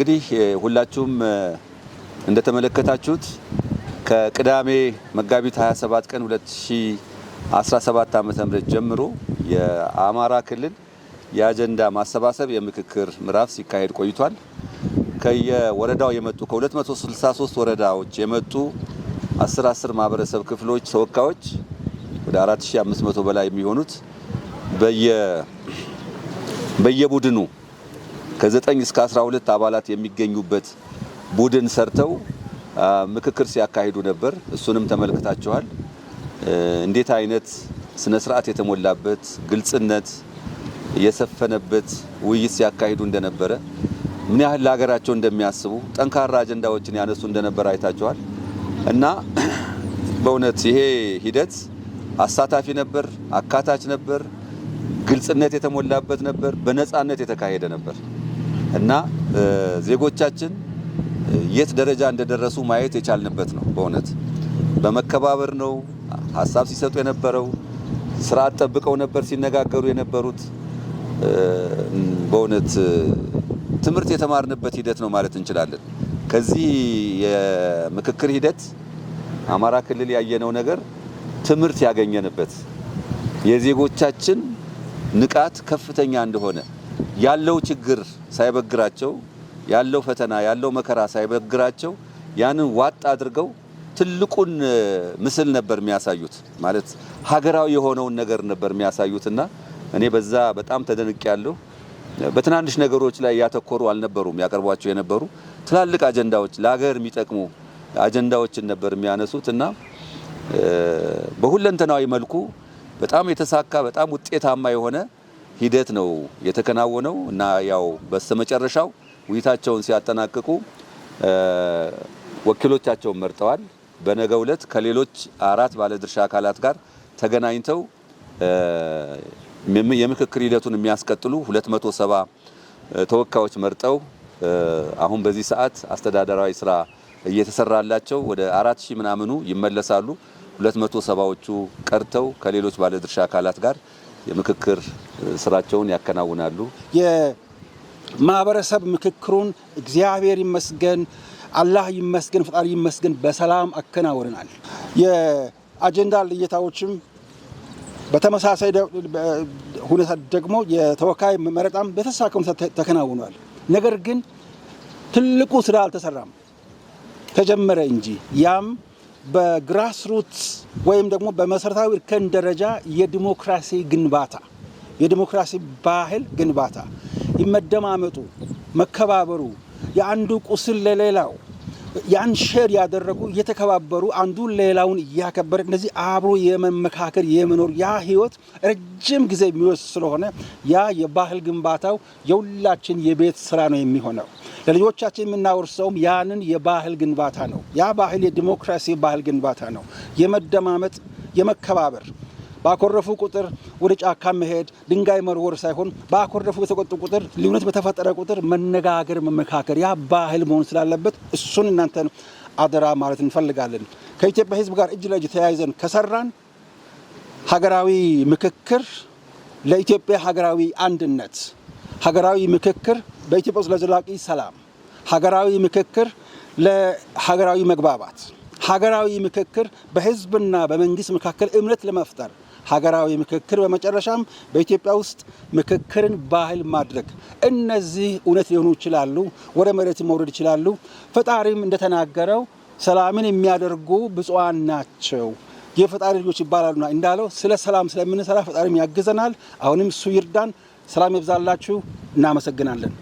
እንግዲህ ሁላችሁም እንደተመለከታችሁት ከቅዳሜ መጋቢት 27 ቀን 2017 ዓ.ም ጀምሮ የአማራ ክልል የአጀንዳ ማሰባሰብ የምክክር ምዕራፍ ሲካሄድ ቆይቷል። ከየወረዳው የመጡ ከ263 ወረዳዎች የመጡ 10 10 ማህበረሰብ ክፍሎች ተወካዮች ወደ 4500 በላይ የሚሆኑት በየ በየቡድኑ ከዘጠኝ እስከ እስከ 12 አባላት የሚገኙበት ቡድን ሰርተው ምክክር ሲያካሂዱ ነበር። እሱንም ተመልክታችኋል። እንዴት አይነት ስነ ስርዓት የተሞላበት ግልጽነት የሰፈነበት ውይይት ሲያካሂዱ እንደነበረ፣ ምን ያህል ለሀገራቸው እንደሚያስቡ ጠንካራ አጀንዳዎችን ያነሱ እንደነበረ አይታችኋል እና በእውነት ይሄ ሂደት አሳታፊ ነበር፣ አካታች ነበር፣ ግልጽነት የተሞላበት ነበር፣ በነፃነት የተካሄደ ነበር። እና ዜጎቻችን የት ደረጃ እንደደረሱ ማየት የቻልንበት ነው። በእውነት በመከባበር ነው ሀሳብ ሲሰጡ የነበረው። ስርዓት ጠብቀው ነበር ሲነጋገሩ የነበሩት። በእውነት ትምህርት የተማርንበት ሂደት ነው ማለት እንችላለን። ከዚህ የምክክር ሂደት አማራ ክልል ያየነው ነገር ትምህርት ያገኘንበት የዜጎቻችን ንቃት ከፍተኛ እንደሆነ ያለው ችግር ሳይበግራቸው ያለው ፈተና ያለው መከራ ሳይበግራቸው ያንን ዋጥ አድርገው ትልቁን ምስል ነበር የሚያሳዩት። ማለት ሀገራዊ የሆነውን ነገር ነበር የሚያሳዩትና እኔ በዛ በጣም ተደንቅ ያለው በትናንሽ ነገሮች ላይ ያተኮሩ አልነበሩም ያቀርቧቸው የነበሩ ትላልቅ አጀንዳዎች ለሀገር የሚጠቅሙ አጀንዳዎችን ነበር የሚያነሱት እና በሁለንተናዊ መልኩ በጣም የተሳካ በጣም ውጤታማ የሆነ ሂደት ነው የተከናወነው እና ያው በስተመጨረሻው ውይይታቸውን ሲያጠናቅቁ ወኪሎቻቸውን መርጠዋል። በነገው ዕለት ከሌሎች አራት ባለድርሻ አካላት ጋር ተገናኝተው የምክክር ሂደቱን የሚያስቀጥሉ 270 ተወካዮች መርጠው አሁን በዚህ ሰዓት አስተዳደራዊ ስራ እየተሰራላቸው ወደ አራት ምናምኑ ይመለሳሉ። 270ዎቹ ቀርተው ከሌሎች ባለድርሻ አካላት ጋር የምክክር ስራቸውን ያከናውናሉ። የማህበረሰብ ምክክሩን እግዚአብሔር ይመስገን፣ አላህ ይመስገን፣ ፈጣሪ ይመስገን በሰላም አከናውነናል። የአጀንዳ ልየታዎችም በተመሳሳይ ሁኔታ ደግሞ የተወካይ መረጣም በተሳካ ሁኔታ ተከናውኗል። ነገር ግን ትልቁ ስራ አልተሰራም፣ ተጀመረ እንጂ ያም በግራስሩት ወይም ደግሞ በመሰረታዊ እርከን ደረጃ የዲሞክራሲ ግንባታ የዲሞክራሲ ባህል ግንባታ ይመደማመጡ፣ መከባበሩ፣ የአንዱ ቁስል ለሌላው ያን ሼር ያደረጉ እየተከባበሩ አንዱ ሌላውን እያከበረ እነዚህ አብሮ የመመካከል የመኖር ያ ህይወት ረጅም ጊዜ የሚወስድ ስለሆነ ያ የባህል ግንባታው የሁላችን የቤት ስራ ነው የሚሆነው። ለልጆቻችን የምናወርሰውም ያንን የባህል ግንባታ ነው። ያ ባህል የዲሞክራሲ ባህል ግንባታ ነው። የመደማመጥ የመከባበር ባኮረፉ ቁጥር ወደ ጫካ መሄድ ድንጋይ መርወር ሳይሆን ባኮረፉ በተቆጡ ቁጥር ልዩነት በተፈጠረ ቁጥር መነጋገር፣ መመካከር ያ ባህል መሆን ስላለበት እሱን እናንተን አደራ ማለት እንፈልጋለን። ከኢትዮጵያ ሕዝብ ጋር እጅ ለእጅ ተያይዘን ከሰራን ሀገራዊ ምክክር ለኢትዮጵያ ሀገራዊ አንድነት ሀገራዊ ምክክር በኢትዮጵያ ውስጥ ለዘላቂ ሰላም፣ ሀገራዊ ምክክር ለሀገራዊ መግባባት፣ ሀገራዊ ምክክር በህዝብና በመንግስት መካከል እምነት ለመፍጠር ሀገራዊ ምክክር በመጨረሻም በኢትዮጵያ ውስጥ ምክክርን ባህል ማድረግ። እነዚህ እውነት ሊሆኑ ይችላሉ፣ ወደ መሬት መውረድ ይችላሉ። ፈጣሪም እንደተናገረው ሰላምን የሚያደርጉ ብፁዓን ናቸው የፈጣሪ ልጆች ይባላሉና እንዳለው ስለ ሰላም ስለምንሰራ ፈጣሪም ያግዘናል። አሁንም እሱ ይርዳን። ሰላም ይብዛላችሁ። እናመሰግናለን።